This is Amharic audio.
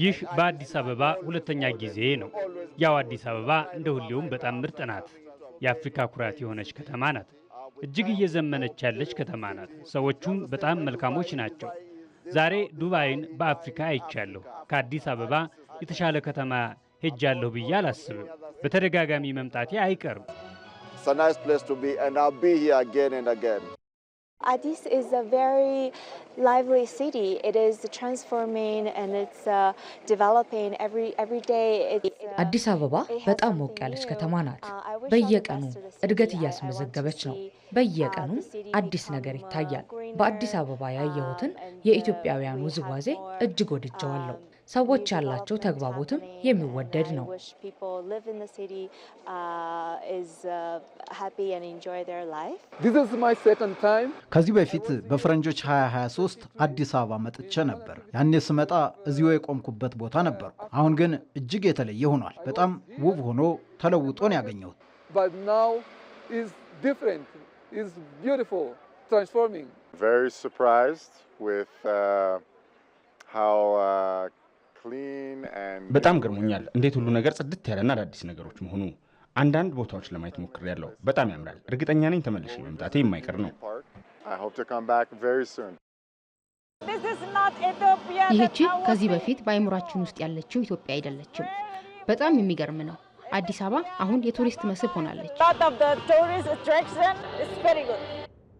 ይህ በአዲስ አበባ ሁለተኛ ጊዜ ነው። ያው አዲስ አበባ እንደ ሁሌውም በጣም ምርጥ ናት። የአፍሪካ ኩራት የሆነች ከተማ ናት። እጅግ እየዘመነች ያለች ከተማ ናት። ሰዎቹም በጣም መልካሞች ናቸው። ዛሬ ዱባይን በአፍሪካ አይቻለሁ። ከአዲስ አበባ የተሻለ ከተማ ሄጃለሁ ብዬ አላስብም። በተደጋጋሚ መምጣቴ አይቀርም። Addis is a very lively city. It is transforming and it's uh, developing every, every day. Uh, አዲስ አበባ በጣም ሞቅ ያለች ከተማ ናት። uh, በየቀኑ እድገት እያስመዘገበች ነው። በየቀኑ አዲስ ነገር ይታያል። በአዲስ አበባ um, ያየሁትን የኢትዮጵያውያን ውዝዋዜ እጅግ ወድጀዋለሁ። um, ሰዎች ያላቸው ተግባቦትም የሚወደድ ነው። uh, uh, ከዚህ በፊት በፈረንጆች 2023 አዲስ አበባ መጥቼ ነበር። ያኔ ስመጣ እዚሁ የቆምኩበት ቦታ ነበርኩ። አሁን ግን እጅግ የተለየ ሆኗል። በጣም ውብ ሆኖ ተለውጦ ነው ያገኘሁት። Very surprised with uh, how uh, በጣም ገርሞኛል እንዴት ሁሉ ነገር ጽድት ያለና አዳዲስ ነገሮች መሆኑ። አንዳንድ ቦታዎች ለማየት ሞክር ያለው በጣም ያምራል። እርግጠኛ ነኝ ተመልሼ መምጣቴ የማይቀር ነው። ይህቺ ከዚህ በፊት በአይምሯችን ውስጥ ያለችው ኢትዮጵያ አይደለችም። በጣም የሚገርም ነው። አዲስ አበባ አሁን የቱሪስት መስህብ ሆናለች።